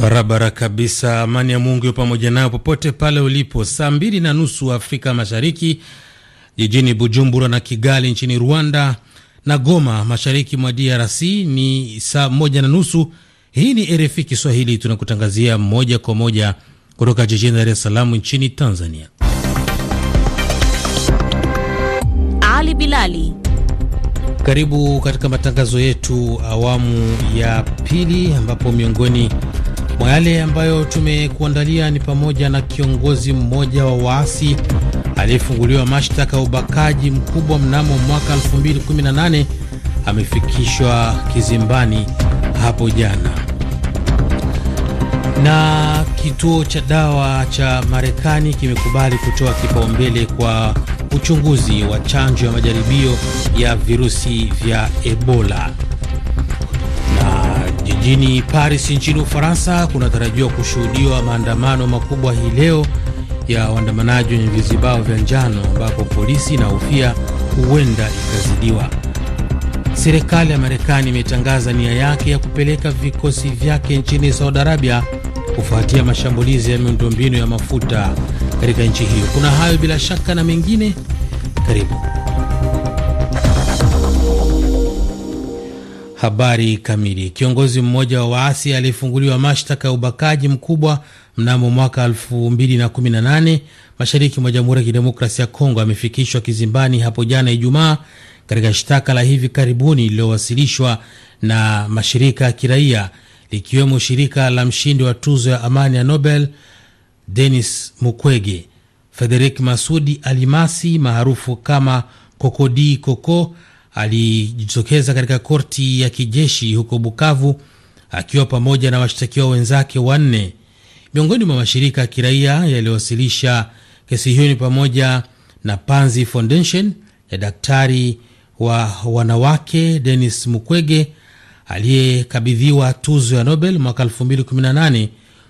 Barabara kabisa. Amani ya Mungu pamoja nayo popote pale ulipo. Saa mbili na nusu Afrika Mashariki, jijini Bujumbura na Kigali nchini Rwanda na Goma mashariki mwa DRC ni saa moja na nusu. Hii ni RFI Kiswahili, tunakutangazia moja kwa moja kutoka jijini Dar es Salaam nchini Tanzania. Ali Bilali, karibu katika matangazo yetu awamu ya pili, ambapo miongoni Mwa yale ambayo tumekuandalia ni pamoja na kiongozi mmoja wa waasi aliyefunguliwa mashtaka ya ubakaji mkubwa mnamo mwaka 2018 amefikishwa kizimbani hapo jana, na kituo cha dawa cha Marekani kimekubali kutoa kipaumbele kwa uchunguzi wa chanjo ya majaribio ya virusi vya Ebola. Jijini Paris nchini Ufaransa kunatarajiwa kushuhudiwa maandamano makubwa hii leo ya waandamanaji wenye vizibao vya njano, ambapo polisi inahofia huenda ikazidiwa. Serikali ya Marekani imetangaza nia yake ya kupeleka vikosi vyake nchini Saudi Arabia kufuatia mashambulizi ya miundombinu ya mafuta katika nchi hiyo. Kuna hayo bila shaka na mengine, karibu. Habari kamili. Kiongozi mmoja wa waasi alifunguliwa mashtaka ya ubakaji mkubwa mnamo mwaka 2018 mashariki mwa Jamhuri ya Kidemokrasia ya Kongo amefikishwa kizimbani hapo jana Ijumaa katika shtaka la hivi karibuni lililowasilishwa na mashirika ya kiraia likiwemo shirika la mshindi wa tuzo ya amani ya Nobel Denis Mukwege. federik Masudi Alimasi maarufu kama Kokodi Koko alijitokeza katika korti ya kijeshi huko Bukavu akiwa pamoja na washtakiwa wenzake wanne. Miongoni mwa mashirika ya kiraia yaliyowasilisha kesi hiyo ni pamoja na Panzi Foundation ya daktari wa wanawake Denis Mukwege aliyekabidhiwa tuzo ya Nobel mwaka 2018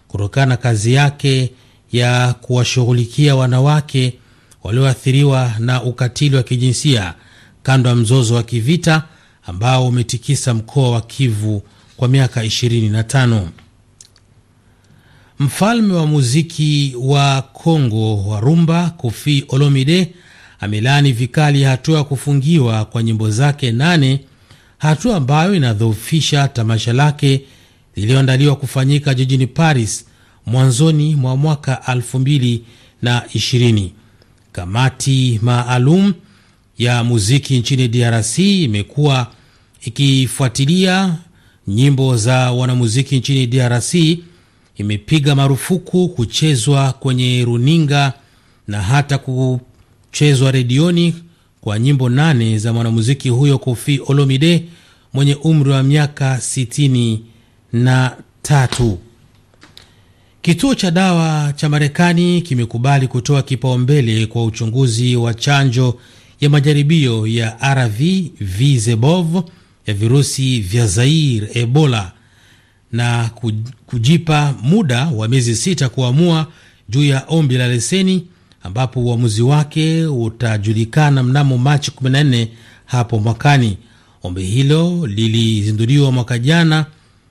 kutokana na kazi yake ya kuwashughulikia wanawake walioathiriwa na ukatili wa kijinsia kando ya mzozo wa kivita ambao umetikisa mkoa wa Kivu kwa miaka 25. Mfalme wa muziki wa Kongo wa rumba Kofi Olomide amelaani vikali hatua ya kufungiwa kwa nyimbo zake nane, hatua ambayo inadhoofisha tamasha lake liliyoandaliwa kufanyika jijini Paris mwanzoni mwa mwaka 2020. Kamati maalum ya muziki nchini DRC imekuwa ikifuatilia nyimbo za wanamuziki nchini DRC, imepiga marufuku kuchezwa kwenye runinga na hata kuchezwa redioni kwa nyimbo nane za mwanamuziki huyo Koffi Olomide mwenye umri wa miaka sitini na tatu. Kituo cha dawa cha Marekani kimekubali kutoa kipaumbele kwa uchunguzi wa chanjo ya majaribio ya RV Zebov ya virusi vya zair Ebola na kujipa muda wa miezi sita kuamua juu ya ombi la leseni ambapo uamuzi wake utajulikana mnamo Machi 14 hapo mwakani. Ombi hilo lilizinduliwa mwaka jana,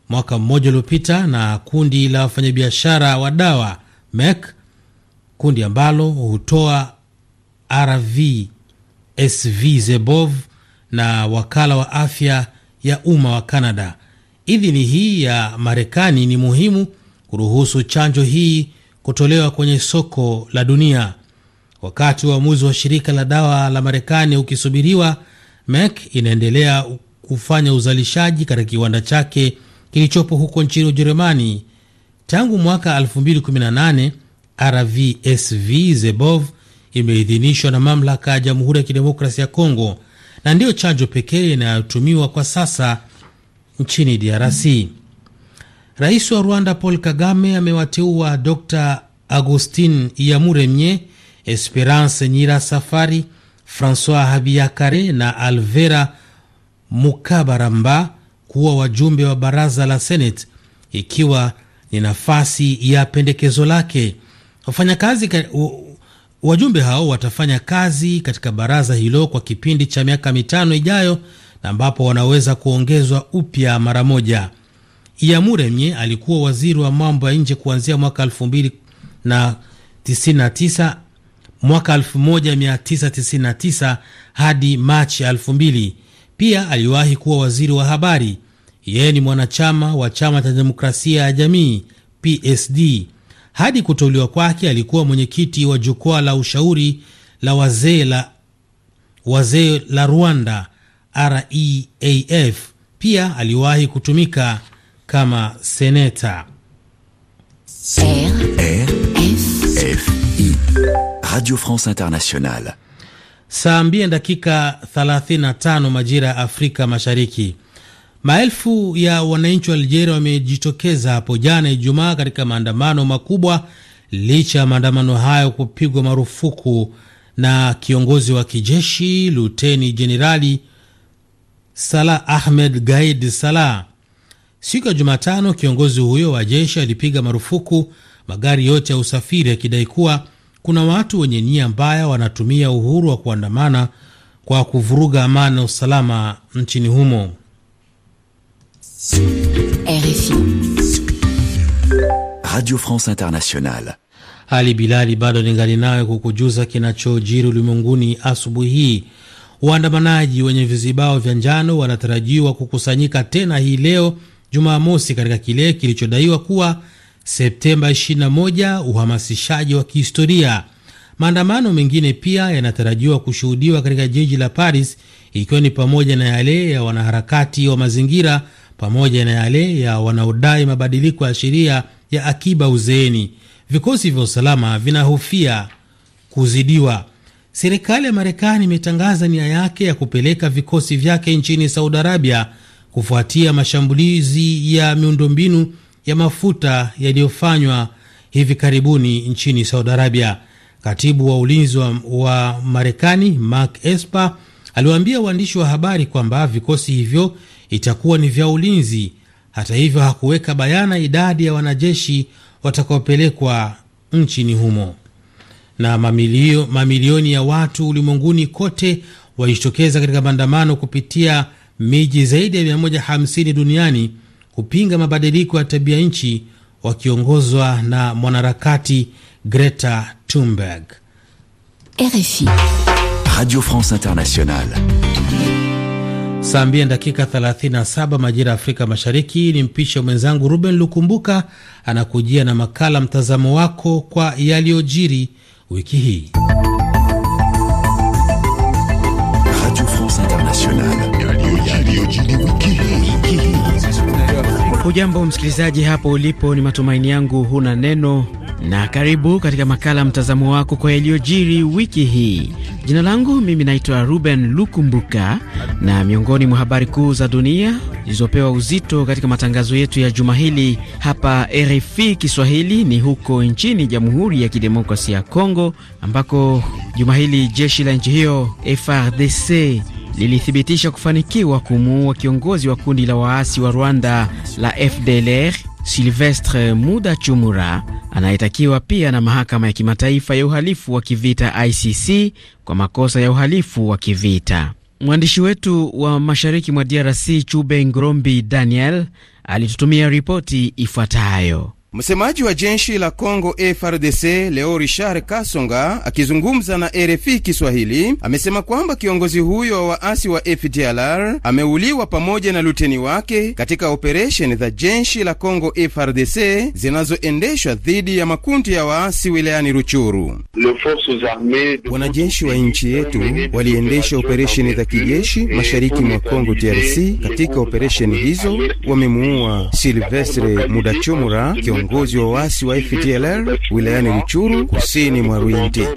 mwaka mmoja uliopita, na kundi la wafanyabiashara wa dawa MEC, kundi ambalo hutoa RV SV Zebov na wakala wa afya ya umma wa Canada. Idhini hii ya Marekani ni muhimu kuruhusu chanjo hii kutolewa kwenye soko la dunia. Wakati uamuzi wa shirika la dawa la Marekani ukisubiriwa, Merck inaendelea kufanya uzalishaji katika kiwanda chake kilichopo huko nchini Ujerumani. Tangu mwaka 2018 RVSV Zebov imeidhinishwa na mamlaka ya Jamhuri ya Kidemokrasia ya Kongo na ndiyo chanjo pekee inayotumiwa kwa sasa nchini DRC. Rais wa Rwanda Paul Kagame amewateua Dr Augustin Iyamuremye, Esperance safari Francois Habiakare na Alvera Mukabaramba kuwa wajumbe wa baraza la Senate ikiwa ni nafasi ya pendekezo lake. Wafanyakazi Wajumbe hao watafanya kazi katika baraza hilo kwa kipindi cha miaka mitano ijayo, na ambapo wanaweza kuongezwa upya mara moja. Iyamuremye alikuwa waziri wa mambo ya nje kuanzia mwaka 1999 mwaka 1999 hadi Machi 2000. Pia aliwahi kuwa waziri wa habari. Yeye ni mwanachama wa chama cha demokrasia ya jamii PSD. Hadi kuteuliwa kwake alikuwa mwenyekiti wa jukwaa la ushauri la wazee la, wazee la Rwanda REAF. Pia aliwahi kutumika kama seneta. RFI, e Radio France Internationale. Saa 2 dakika 35 majira ya Afrika Mashariki. Maelfu ya wananchi wa Algeria wamejitokeza hapo jana Ijumaa katika maandamano makubwa, licha ya maandamano hayo kupigwa marufuku na kiongozi wa kijeshi Luteni Jenerali Salah Ahmed Gaid Salah. Siku ya Jumatano, kiongozi huyo wa jeshi alipiga marufuku magari yote ya usafiri akidai kuwa kuna watu wenye nia mbaya wanatumia uhuru wa kuandamana kwa kuvuruga amani na usalama nchini humo. RFI. Radio France Internationale. Ali Bilali, bado ningali nawe kukujuza kinachojiri ulimwenguni asubuhi hii. Waandamanaji wenye vizibao vya njano wanatarajiwa kukusanyika tena hii leo Jumamosi katika kile kilichodaiwa kuwa Septemba 21, uhamasishaji wa kihistoria. Maandamano mengine pia yanatarajiwa kushuhudiwa katika jiji la Paris, ikiwa ni pamoja na yale ya wanaharakati wa mazingira pamoja na yale ya wanaodai mabadiliko ya sheria ya akiba uzeeni. Vikosi vya usalama vinahofia kuzidiwa. Serikali ya Marekani imetangaza nia yake ya kupeleka vikosi vyake nchini Saudi Arabia kufuatia mashambulizi ya miundombinu ya mafuta yaliyofanywa hivi karibuni nchini Saudi Arabia. Katibu wa ulinzi wa, wa Marekani Mark Esper aliwaambia waandishi wa habari kwamba vikosi hivyo itakuwa ni vya ulinzi. Hata hivyo, hakuweka bayana idadi ya wanajeshi watakaopelekwa nchini humo. Na mamilio, mamilioni ya watu ulimwenguni kote walijitokeza katika maandamano kupitia miji zaidi ya 150 duniani kupinga mabadiliko ya tabia nchi wakiongozwa na mwanaharakati Greta Thunberg. RFI Radio France Internationale. Saa mbili dakika 37 majira ya Afrika Mashariki. Ni mpishe mwenzangu Ruben Lukumbuka anakujia na makala mtazamo wako kwa yaliyojiri wiki hii. Radio France Internationale. msikilizaji hapo ulipo, ni matumaini yangu huna neno, na karibu katika makala mtazamo wako kwa yaliyojiri wiki hii Jina langu mimi naitwa Ruben Lukumbuka, na miongoni mwa habari kuu za dunia zilizopewa uzito katika matangazo yetu ya juma hili hapa RFI Kiswahili ni huko nchini Jamhuri ya Kidemokrasia ya Kongo, ambako juma hili jeshi la nchi hiyo frdc lilithibitisha kufanikiwa kumuua kiongozi wa kundi la waasi wa Rwanda la FDLR Silvestre Muda Chumura anayetakiwa pia na mahakama ya kimataifa ya uhalifu wa kivita ICC kwa makosa ya uhalifu wa kivita. Mwandishi wetu wa mashariki mwa DRC Chube Ngrombi Daniel alitutumia ripoti ifuatayo. Msemaji wa jeshi la Congo FRDC leo Richard Kasonga akizungumza na RFI Kiswahili amesema kwamba kiongozi huyo wa waasi wa FDLR ameuliwa pamoja na luteni wake katika operesheni za jeshi la Congo FRDC zinazoendeshwa dhidi ya makundi ya waasi wilayani Ruchuru. Wanajeshi wa nchi yetu waliendesha operesheni za kijeshi mashariki mwa Congo DRC. Katika operesheni hizo wamemuua Silvestre Mudachomura viongozi wa waasi wa FDLR wilayani Ruchuru kusini mwa Ruindi.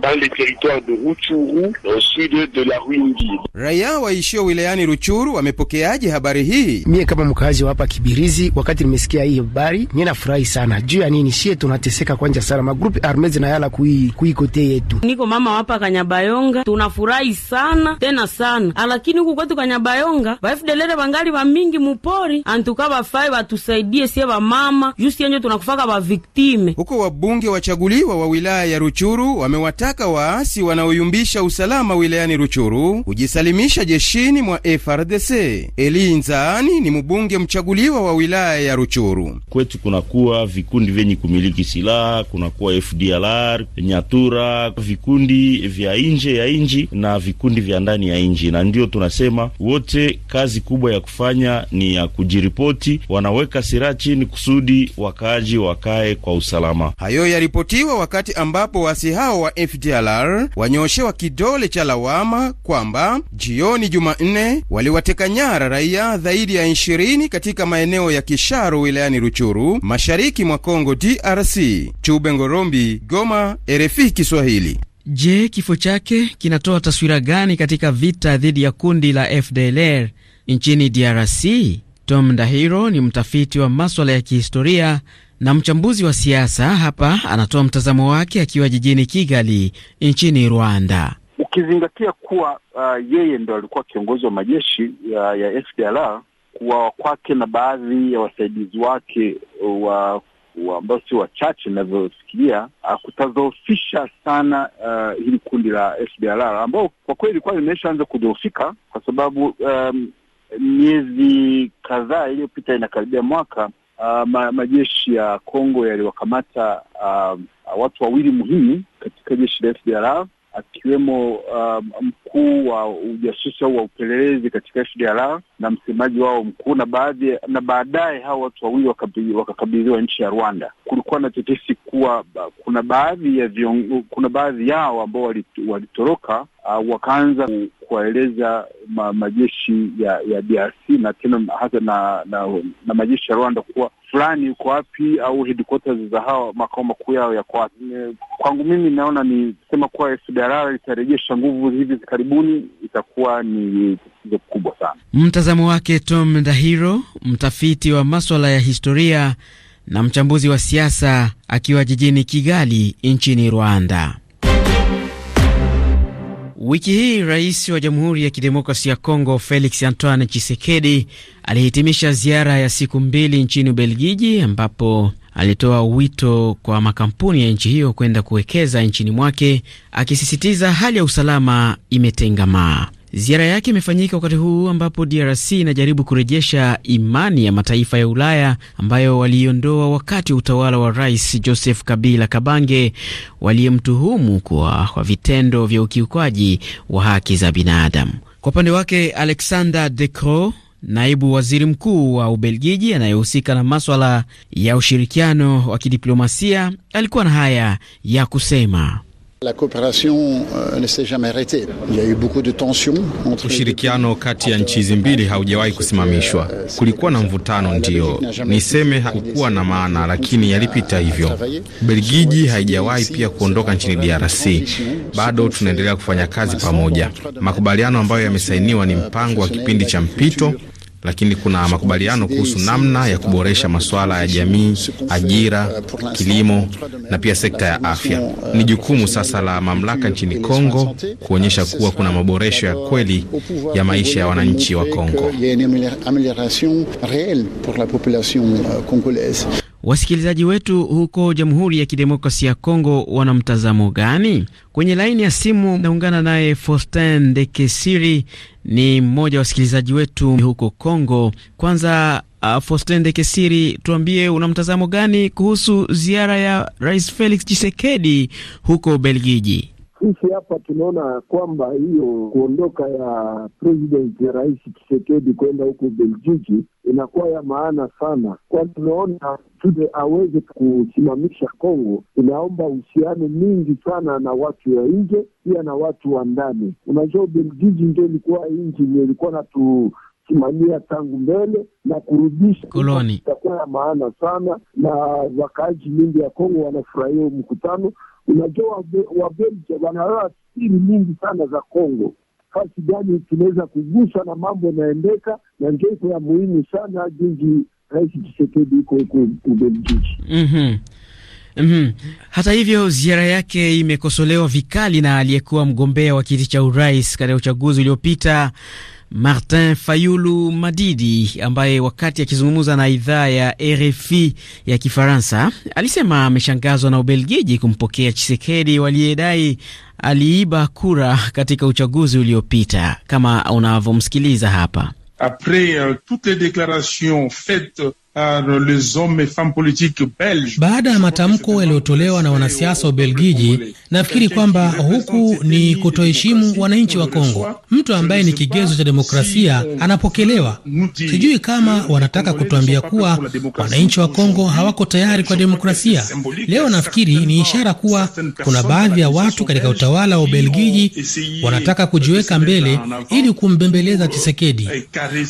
Raia waishio wilayani Ruchuru wamepokeaje habari hii? Mie kama mkazi wa hapa Kibirizi, wakati nimesikia hii habari mie nafurahi sana. Juu ya nini? Shie tunateseka kwanja sana, magrupu arme zinayala kui kui kote yetu. Niko mama hapa Kanyabayonga, tunafurahi sana tena sana, ah, lakini huku kwetu Kanyabayonga ba FDLR bangali wa mingi mupori, antuka bafai watusaidie sie ba mama, jusi yenjo tunakufa mpaka baviktime huko. Wabunge wachaguliwa wa wilaya ya Ruchuru wamewataka waasi wanaoyumbisha usalama wilayani Ruchuru kujisalimisha jeshini mwa FRDC. Eli Nzaani ni mbunge mchaguliwa wa wilaya ya Ruchuru. Kwetu kunakuwa vikundi vyenye kumiliki silaha, kunakuwa FDLR, Nyatura, vikundi vya nje ya inji na vikundi vya ndani ya inji, na ndiyo tunasema wote kazi kubwa ya kufanya ni ya kujiripoti, wanaweka silaha chini kusudi wakaaji wakae kwa usalama. Hayo yaripotiwa wakati ambapo wasi hao wa FDLR wanyoshewa kidole cha lawama kwamba jioni Jumanne waliwateka nyara raia zaidi ya 20 katika maeneo ya Kisharo wilayani Ruchuru, mashariki mwa congo DRC. Chube Ngorombi, Goma, RFI Kiswahili. Je, kifo chake kinatoa taswira gani katika vita dhidi ya kundi la FDLR nchini DRC? Tom Ndahiro ni mtafiti wa maswala ya kihistoria na mchambuzi wa siasa hapa anatoa mtazamo wake akiwa jijini Kigali nchini Rwanda. Ukizingatia kuwa uh, yeye ndo alikuwa kiongozi wa majeshi uh, ya FDLR, kuwawa kwake na baadhi ya wasaidizi wake uh, wa ambao sio wachache inavyofikiria, uh, kutadhoofisha sana uh, hili kundi la FDLR ambao kwa kweli ilikuwa limeshaanza kudhoofika kwa sababu um, miezi kadhaa iliyopita inakaribia mwaka uh, ma, majeshi ya Kongo yaliwakamata uh, watu wawili muhimu katika jeshi la FDLR akiwemo um, mkuu wa ujasusi au wa upelelezi katika HDLR na msemaji wao mkuu, na baadhi na baadaye hao watu wawili wakakabidhiwa nchi ya Rwanda. Kulikuwa na tetesi kuwa kuna baadhi ya vion, kuna baadhi yao ambao walitoroka uh, wakaanza kuwaeleza ma, majeshi ya ya DRC na tena hata na, na, na majeshi ya Rwanda kuwa fulani yuko wapi au headquarters za hawa makao makuu yao yako wapi. Kwangu mimi naona ni sema kuwa FDLR itarejesha nguvu hivi karibuni itakuwa ni tatizo kubwa sana. Mtazamo wake Tom Dahiro, mtafiti wa maswala ya historia na mchambuzi wa siasa, akiwa jijini Kigali nchini Rwanda. Wiki hii rais wa Jamhuri ya Kidemokrasi ya Kongo Felix Antoine Chisekedi alihitimisha ziara ya siku mbili nchini Ubelgiji, ambapo alitoa wito kwa makampuni ya nchi hiyo kwenda kuwekeza nchini mwake, akisisitiza hali ya usalama imetengamaa. Ziara yake imefanyika wakati huu ambapo DRC inajaribu kurejesha imani ya mataifa ya Ulaya ambayo waliiondoa wakati wa utawala wa Rais Joseph Kabila Kabange, waliyemtuhumu kuwa kwa vitendo vya ukiukwaji wa haki za binadamu. Kwa upande wake Alexander De Croo naibu waziri mkuu wa Ubelgiji anayehusika na maswala ya ushirikiano wa kidiplomasia alikuwa na haya ya kusema. La coopération euh, ne s'est jamais arrêtée. Il y a eu beaucoup de tensions entre ushirikiano kati ya nchi hizi mbili haujawahi kusimamishwa. Euh, Kulikuwa na mvutano, ndio niseme, hakukuwa na maana, lakini yalipita hivyo. Belgiji haijawahi pia kuondoka nchini DRC. Bado tunaendelea kufanya kazi pamoja. Makubaliano ambayo yamesainiwa ni euh, mpango wa kipindi cha mpito lakini kuna makubaliano kuhusu namna ya kuboresha masuala ya jamii, ajira, kilimo na pia sekta ya afya. Ni jukumu sasa la mamlaka nchini Kongo kuonyesha kuwa kuna maboresho ya kweli ya maisha ya wananchi wa Kongo. Wasikilizaji wetu huko Jamhuri ya Kidemokrasia ya Kongo wana mtazamo gani? Kwenye laini ya simu naungana naye Faustin kesiri ni mmoja wa wasikilizaji wetu huko Kongo. Kwanza uh, Faustin kesiri tuambie una mtazamo gani kuhusu ziara ya Rais Felix Tshisekedi huko Belgiji? Sisi hapa tunaona kwamba hiyo kuondoka ya president ya Rais Chisekedi kwenda huko Beljiji inakuwa ya maana sana, kwani tunaona tude aweze kusimamisha Kongo, inaomba uhusiano mingi sana na watu ya nje pia na watu wa ndani. Unajua, ubeljiji ndio ilikuwa nchi ndio ilikuwa tu simamia tangu mbele na kurudisha koloni itakuwa ya maana sana, na wakaaji mingi ya Kongo wanafurahia mkutano Unajua Wabelgia wanaoa siri nyingi sana za Kongo, fasi gani tunaweza kugusa na mambo yanaendeka, na ndio iko ya muhimu sana jinji Rais chisekedi iko huko Ubelgiji. mm-hmm. Mm-hmm. Hata hivyo ziara yake imekosolewa vikali na aliyekuwa mgombea wa kiti cha urais katika uchaguzi uliopita Martin Fayulu Madidi ambaye wakati akizungumza na idhaa ya RFI ya Kifaransa alisema ameshangazwa na Ubelgiji kumpokea Chisekedi waliyedai aliiba kura katika uchaguzi uliopita kama unavyomsikiliza hapa. Après, uh, toutes les déclarations faites Euh, Baada ya matamko yaliyotolewa na wanasiasa wa Ubelgiji, nafikiri kwamba huku ni kutoheshimu wananchi wa Kongo. Mtu ambaye ni kigezo cha demokrasia anapokelewa. Sijui kama wanataka kutuambia kuwa wananchi wa Kongo hawako tayari kwa demokrasia. Leo nafikiri ni ishara kuwa kuna baadhi ya watu katika utawala wa Ubelgiji wanataka kujiweka mbele ili kumbembeleza Chisekedi.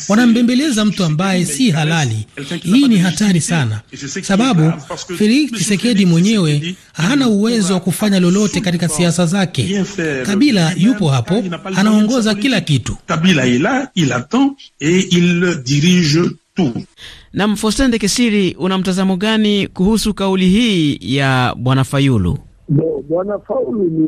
Wanambembeleza mtu ambaye si halali. Hii hii ni hatari sana, sababu Felix Tshisekedi mwenyewe hana uwezo wa kufanya lolote katika siasa zake. Kabila yupo hapo, anaongoza kila kitu. Na Faustin Kesiri, una mtazamo gani kuhusu kauli hii ya bwana Fayulu? Bwana Fayulu ni,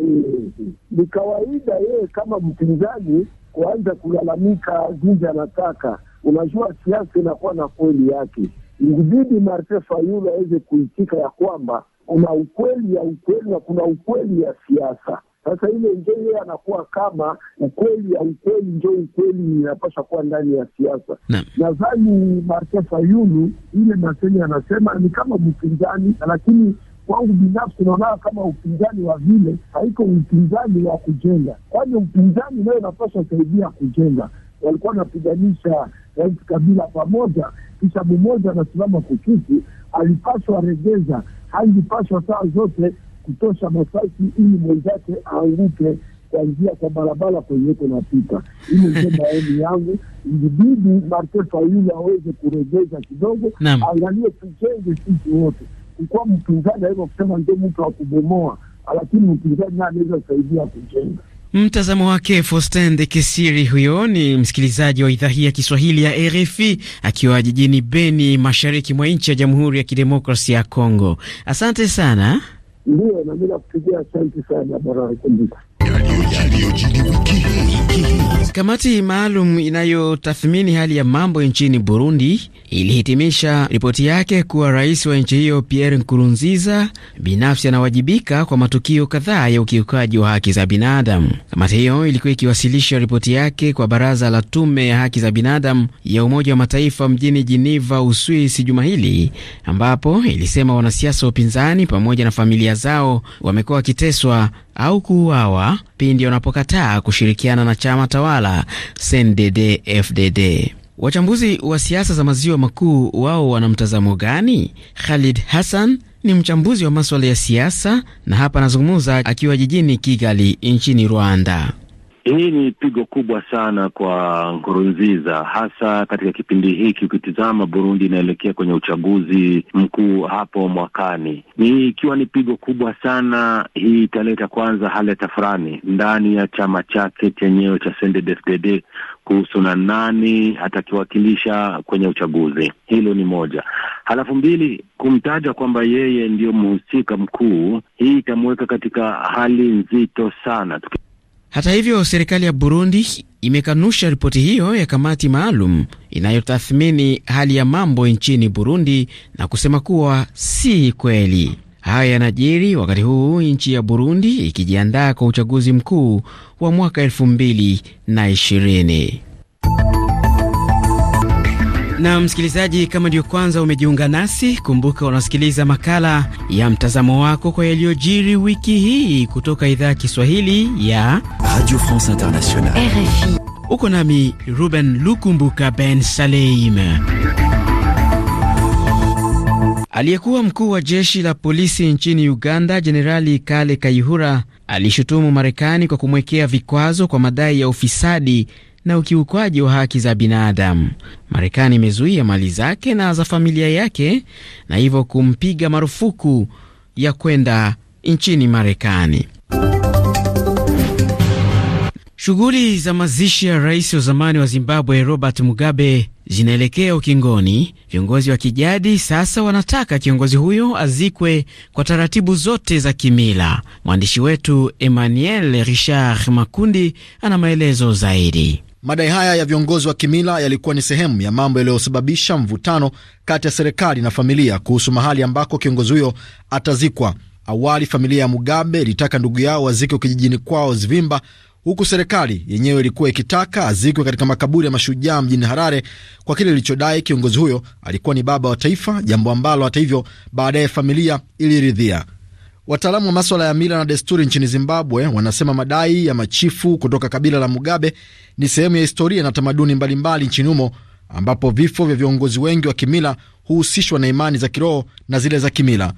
ni kawaida yeye kama mpinzani kuanza kulalamika jinsi anataka Unajua siasa inakuwa na kweli yake, ibidi Martin Fayulu aweze kuitika ya kwamba kuna ukweli ya ukweli na kuna ukweli ya siasa. Sasa ile njo yeye anakuwa kama ukweli ya ukweli njo ukweli inapasha kuwa ndani ya siasa. Nadhani Martin Fayulu ile maseni anasema ni kama mpinzani, lakini kwangu binafsi unaonaa kama upinzani wa vile haiko upinzani wa kujenga, kwani upinzani nayo inapasha saidia kujenga. Walikuwa wanapiganisha rais Kabila pamoja, kisha mmoja anasimama kuchuki, alipaswa regeza, hangipaswa saa zote kutosha masasi ili mwenzake aanguke kuanzia kwa barabara kwenyeko napita. Hili ndio maoni yangu. Ilibidi Marte Fayulu aweze kuregeza kidogo, angalie tujenge sisi wote. Kukuwa mpinzani aweza kusema ndio mtu wa kubomoa, lakini mpinzani naye anaweza kusaidia kujenga. Mtazamo wake Faustin de Kesiri. Huyo ni msikilizaji wa idhaa hii ya Kiswahili ya RFI akiwa jijini Beni, mashariki mwa nchi ya Jamhuri ya Kidemokrasia ya Kongo. Asante sana. Ndio, nami nakupigia asante sana Kamati maalum inayotathmini hali ya mambo nchini Burundi ilihitimisha ripoti yake kuwa rais wa nchi hiyo Pierre Nkurunziza binafsi anawajibika kwa matukio kadhaa ya ukiukaji wa haki za binadamu. Kamati hiyo ilikuwa ikiwasilisha ripoti yake kwa baraza la tume ya haki za binadamu ya Umoja wa Mataifa mjini Jiniva, Uswisi, juma hili, ambapo ilisema wanasiasa wa upinzani pamoja na familia zao wamekuwa wakiteswa au kuuawa pindi wanapokataa kushirikiana na chama tawala CNDD FDD. Wachambuzi wa siasa za maziwa makuu wao wana mtazamo gani? Khalid Hassan ni mchambuzi wa maswala ya siasa na hapa anazungumza akiwa jijini Kigali nchini Rwanda. Hii ni pigo kubwa sana kwa Nkurunziza, hasa katika kipindi hiki. Ukitizama Burundi inaelekea kwenye uchaguzi mkuu hapo mwakani, ni ikiwa ni pigo kubwa sana hii. Italeta kwanza hali ya tafurani ndani ya chama chake chenyewe cha CNDD-FDD kuhusu na nani atakiwakilisha kwenye uchaguzi. Hilo ni moja. Halafu mbili, kumtaja kwamba yeye ndiyo mhusika mkuu, hii itamweka katika hali nzito sana Tuki hata hivyo, serikali ya Burundi imekanusha ripoti hiyo ya kamati maalum inayotathmini hali ya mambo nchini Burundi na kusema kuwa si kweli. Haya yanajiri wakati huu nchi ya Burundi ikijiandaa kwa uchaguzi mkuu wa mwaka elfu mbili na ishirini. Na msikilizaji, kama ndiyo kwanza umejiunga nasi, kumbuka unasikiliza makala ya mtazamo wako kwa yaliyojiri wiki hii kutoka idhaa ya Kiswahili ya Radio France Internationale RFI. Uko nami Ruben Lukumbuka Ben Saleim. Aliyekuwa mkuu wa jeshi la polisi nchini Uganda, Jenerali Kale Kayihura alishutumu Marekani kwa kumwekea vikwazo kwa madai ya ufisadi na ukiukwaji wa haki za binadamu. Marekani imezuia mali zake na za familia yake na hivyo kumpiga marufuku ya kwenda nchini Marekani. Shughuli za mazishi ya rais wa zamani wa Zimbabwe Robert Mugabe zinaelekea ukingoni. Viongozi wa kijadi sasa wanataka kiongozi huyo azikwe kwa taratibu zote za kimila. Mwandishi wetu Emmanuel Richard Makundi ana maelezo zaidi. Madai haya ya viongozi wa kimila yalikuwa ni sehemu ya mambo yaliyosababisha mvutano kati ya serikali na familia kuhusu mahali ambako kiongozi huyo atazikwa. Awali familia ya Mugabe ilitaka ndugu yao wazikwe kijijini kwao Zvimba, huku serikali yenyewe ilikuwa ikitaka azikwe katika makaburi ya mashujaa mjini Harare kwa kile ilichodai kiongozi huyo alikuwa ni baba wa taifa, jambo ambalo hata hivyo baadaye familia iliridhia. Wataalamu wa maswala ya mila na desturi nchini Zimbabwe wanasema madai ya machifu kutoka kabila la Mugabe ni sehemu ya historia na tamaduni mbalimbali nchini humo, ambapo vifo vya viongozi wengi wa kimila huhusishwa na imani za kiroho na zile za kimila.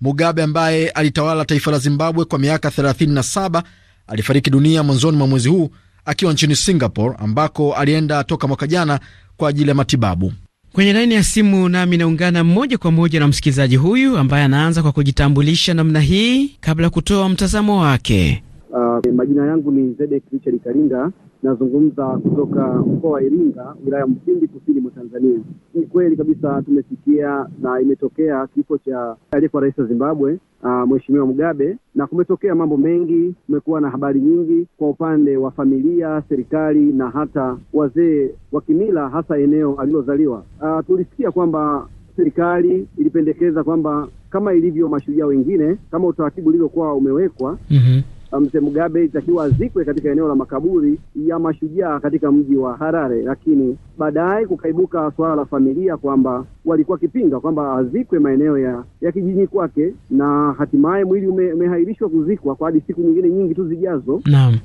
Mugabe ambaye alitawala taifa la Zimbabwe kwa miaka 37 alifariki dunia mwanzoni mwa mwezi huu akiwa nchini Singapore ambako alienda toka mwaka jana kwa ajili ya matibabu. Kwenye laini ya simu nami naungana moja kwa moja na msikilizaji huyu ambaye anaanza kwa kujitambulisha namna hii kabla ya kutoa mtazamo wake. Uh, majina yangu ni Zedek Richard Karinda, Nazungumza kutoka mkoa wa Iringa, wilaya Mufindi, kusini mwa Tanzania. Ni kweli kabisa tumesikia na imetokea kifo cha aliyekuwa rais wa Zimbabwe Uh, Mheshimiwa Mugabe, na kumetokea mambo mengi, kumekuwa na habari nyingi kwa upande wa familia, serikali na hata wazee wa kimila, hasa eneo alilozaliwa. Uh, tulisikia kwamba serikali ilipendekeza kwamba kama ilivyo mashujaa wengine, kama utaratibu ulivyokuwa umewekwa mm -hmm mzee Mugabe itakiwa azikwe katika eneo la makaburi ya mashujaa katika mji wa Harare, lakini baadaye kukaibuka suala la familia kwamba walikuwa wakipinga kwamba azikwe maeneo ya, ya kijijini kwake, na hatimaye mwili ume, umehairishwa kuzikwa kwa hadi siku nyingine nyingi tu zijazo. Naam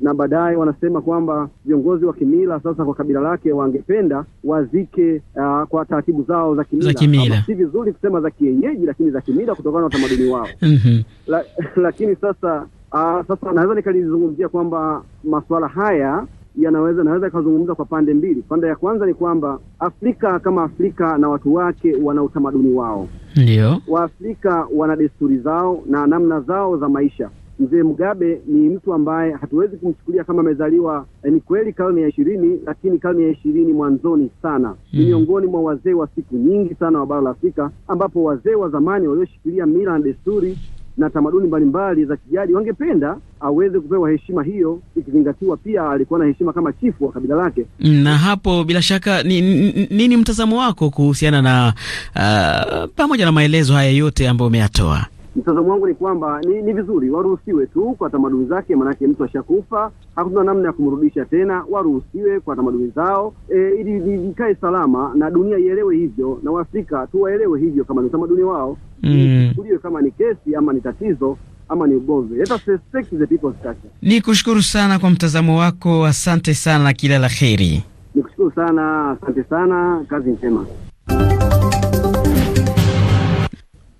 na baadaye wanasema kwamba viongozi wa kimila sasa kwa kabila lake wangependa wazike uh, kwa taratibu zao za kimila, za kimila. Si vizuri kusema za kienyeji, lakini za kimila kutokana na utamaduni wao mhm. la, lakini sasa Uh, sasa naweza nikalizungumzia kwamba masuala haya yanaweza naweza ikazungumza kwa pande mbili. Pande ya kwanza ni kwamba Afrika kama Afrika na watu wake wana utamaduni wao, ndio Waafrika wana desturi zao na namna zao za maisha. Mzee Mugabe ni mtu ambaye hatuwezi kumchukulia kama amezaliwa. Eh, ni kweli karne ya ishirini, lakini karne ya ishirini mwanzoni sana ni mm, miongoni mwa wazee wa siku nyingi sana wa bara la Afrika, ambapo wazee wa zamani walioshikilia mila na desturi na tamaduni mbalimbali za kijadi, wangependa aweze kupewa heshima hiyo, ikizingatiwa pia alikuwa na heshima kama chifu wa kabila lake. Na hapo bila shaka ni, nini mtazamo wako kuhusiana na uh, pamoja na maelezo haya yote ambayo umeyatoa? mtazamo wangu ni kwamba ni, ni vizuri waruhusiwe tu kwa tamaduni zake, maanake mtu ashakufa, hakuna namna ya kumrudisha tena. Waruhusiwe kwa tamaduni zao e, ili ikae salama na dunia ielewe hivyo, na Waafrika tuwaelewe hivyo, kama ni utamaduni wao uchukuliwe, mm. kama ni kesi ama ni tatizo ama ni ugomvi. Ni kushukuru sana kwa mtazamo wako, asante sana, kila la heri Ni kushukuru sana, asante sana, kazi njema.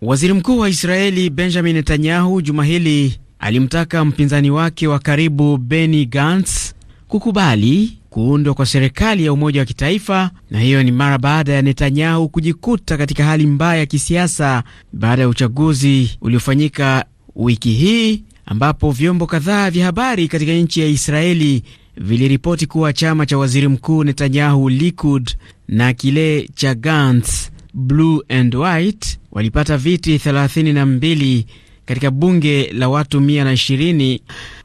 Waziri Mkuu wa Israeli Benjamin Netanyahu juma hili alimtaka mpinzani wake wa karibu Benny Gantz kukubali kuundwa kwa serikali ya umoja wa kitaifa, na hiyo ni mara baada ya Netanyahu kujikuta katika hali mbaya ya kisiasa baada ya uchaguzi uliofanyika wiki hii, ambapo vyombo kadhaa vya habari katika nchi ya Israeli viliripoti kuwa chama cha waziri mkuu Netanyahu Likud na kile cha Gantz Blue and White walipata viti 32 katika bunge la watu 120.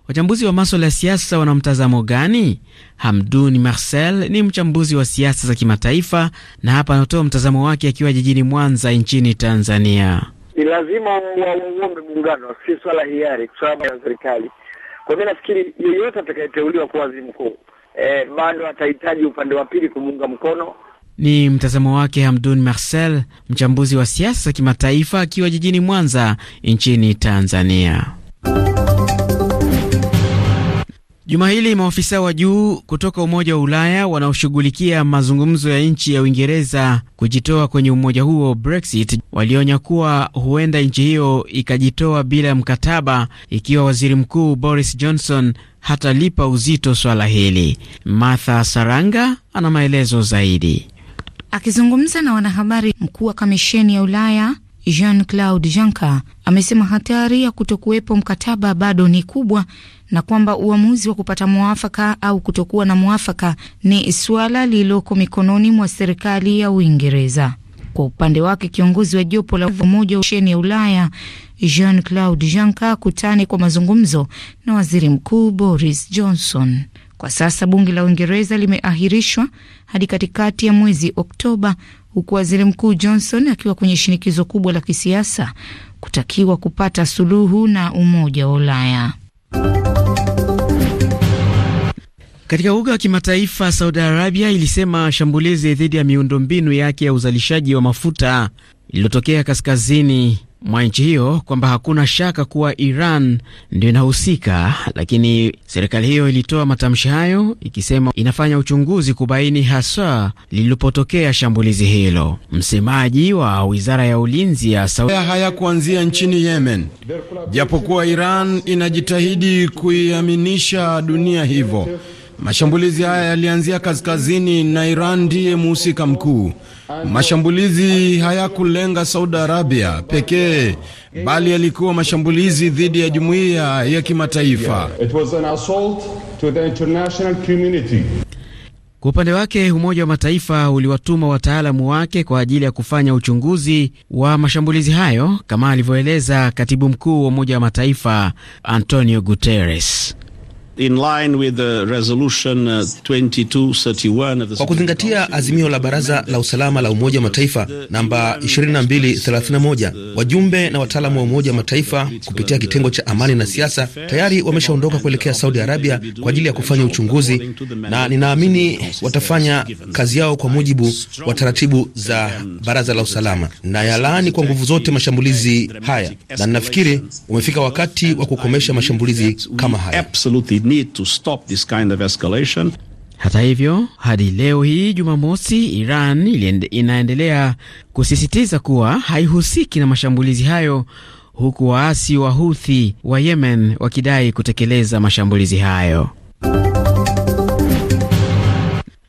Wachambuzi wa maswala ya siasa wana mtazamo gani? Hamdun Marcel ni mchambuzi wa siasa za kimataifa na hapa anatoa mtazamo wake akiwa jijini Mwanza nchini Tanzania. Ni lazima waunge muungano, si swala hiari, kwa sababu ya serikali. Kwa mimi nafikiri yeyote atakayeteuliwa kuwa waziri mkuu eh, bado atahitaji upande wa pili kumuunga mkono ni mtazamo wake Hamdun Marcel, mchambuzi wa siasa za kimataifa akiwa jijini Mwanza nchini Tanzania. Juma hili maofisa wa juu kutoka Umoja wa Ulaya wanaoshughulikia mazungumzo ya nchi ya Uingereza kujitoa kwenye umoja huo Brexit, walionya kuwa huenda nchi hiyo ikajitoa bila mkataba ikiwa waziri mkuu Boris Johnson hatalipa uzito swala hili. Martha Saranga ana maelezo zaidi. Akizungumza na wanahabari, mkuu wa kamisheni ya Ulaya Jean Claude Juncker amesema hatari ya kutokuwepo mkataba bado ni kubwa na kwamba uamuzi wa kupata mwafaka au kutokuwa na mwafaka ni suala lililoko mikononi mwa serikali ya Uingereza. Kwa upande wake, kiongozi wa jopo la umoja wa Sheni ya Ulaya Jean Claude Juncker kutane kwa mazungumzo na waziri mkuu Boris Johnson. Kwa sasa bunge la Uingereza limeahirishwa hadi katikati ya mwezi Oktoba, huku waziri mkuu Johnson akiwa kwenye shinikizo kubwa la kisiasa kutakiwa kupata suluhu na Umoja wa Ulaya. Katika uga wa kimataifa, Saudi Arabia ilisema shambulizi dhidi ya miundombinu yake ya uzalishaji wa mafuta lililotokea kaskazini mwa nchi hiyo kwamba hakuna shaka kuwa Iran ndio inahusika, lakini serikali hiyo ilitoa matamshi hayo ikisema inafanya uchunguzi kubaini haswa lilipotokea shambulizi hilo. Msemaji wa wizara ya ulinzi ya Saudi haya kuanzia nchini Yemen, japokuwa Iran inajitahidi kuiaminisha dunia hivyo Mashambulizi haya yalianzia kaskazini na Iran ndiye muhusika mkuu. Mashambulizi hayakulenga Saudi Arabia pekee, bali yalikuwa mashambulizi dhidi ya jumuiya ya kimataifa. Kwa upande wake, Umoja wa Mataifa uliwatuma wataalamu wake kwa ajili ya kufanya uchunguzi wa mashambulizi hayo, kama alivyoeleza katibu mkuu wa Umoja wa Mataifa Antonio Guterres in line with the resolution 2231 uh, Kwa kuzingatia azimio la Baraza la Usalama la Umoja wa Mataifa namba 2231, wajumbe na wataalamu wa Umoja wa Mataifa kupitia kitengo cha amani na siasa tayari wameshaondoka kuelekea Saudi Arabia kwa ajili ya kufanya uchunguzi, na ninaamini watafanya kazi yao kwa mujibu wa taratibu za Baraza la Usalama. Na yalaani kwa nguvu zote mashambulizi haya, na ninafikiri umefika wakati wa kukomesha mashambulizi kama haya need to stop this kind of escalation. Hata hivyo hadi leo hii Jumamosi, Iran inaendelea kusisitiza kuwa haihusiki na mashambulizi hayo, huku waasi wa Houthi wa Yemen wakidai kutekeleza mashambulizi hayo.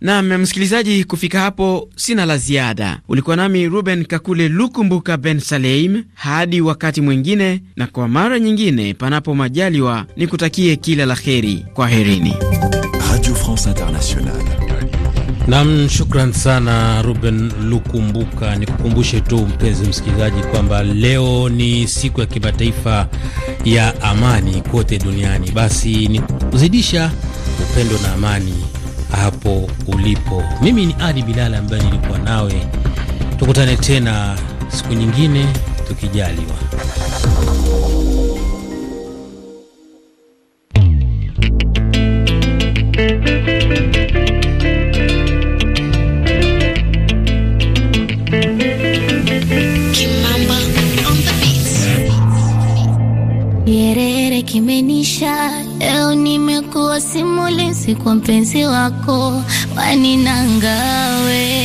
Nam msikilizaji, kufika hapo sina la ziada. Ulikuwa nami Ruben Kakule Lukumbuka Ben Saleim, hadi wakati mwingine, na kwa mara nyingine, panapo majaliwa, ni kutakie kila la heri. Kwa herini. Radio France Internationale. Nam, shukran sana Ruben Lukumbuka. Nikukumbushe tu mpenzi msikilizaji kwamba leo ni siku ya kimataifa ya amani kote duniani. Basi ni kuzidisha upendo na amani hapo ulipo. Mimi ni Ali Bilal ambaye nilikuwa nawe, tukutane tena siku nyingine tukijaliwa. kwa mpenzi wako waninangawe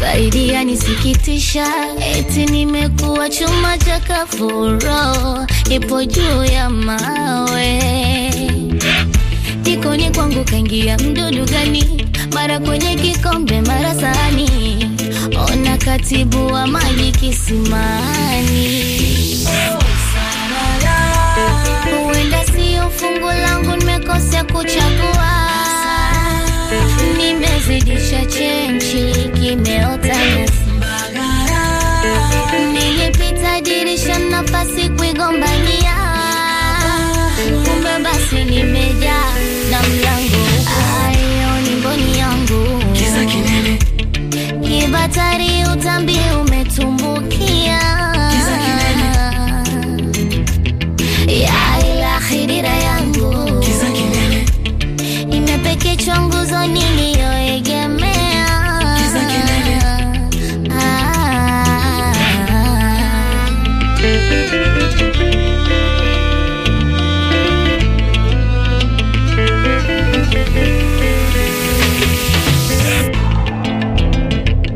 zaidi ya nisikitisha, eti nimekuwa chuma cha kafuro, ipo juu ya mawe, jikoni kwangu kaingia mdudu gani? Mara kwenye kikombe, mara sahani, ona katibu wa maji kisima hapa kuigombania kumbe basi nimeja na mlango ayo ni mboni yangu kibatari utambi umetumbukia kiza kinene yangu kiza imepekechwa nguzoni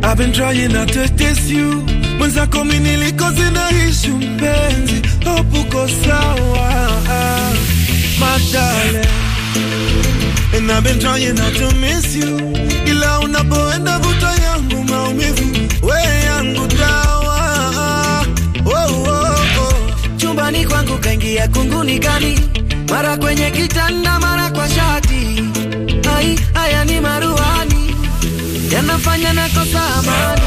I've been trying not to test you, mwenzako mimi niliko zinaishi mpenzi, hope sawa my and I've been trying not to miss you, ila unapoenda vuta yangu maumivu, we yangu dawa oh, oh, oh. Chumbani kwangu kaingia kungunikani mara kwenye kitanda, mara kwa shati, ai haya ni maruani yanafanya na kosa amani,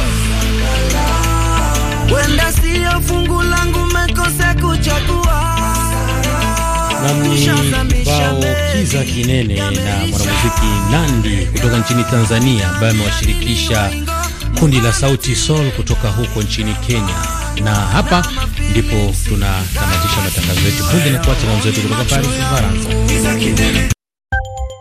wenda siyo fungu langu mekose kuchagua. Nami bao kiza kinene na mwanamuziki Nandi kutoka nchini Tanzania ambaye amewashirikisha kundi la Sauti Sol kutoka huko nchini Kenya. Na hapa ndipo tunakamatisha matangazo yetu punde na kuacha mwenzetu kutoka Paris, Ufaransa.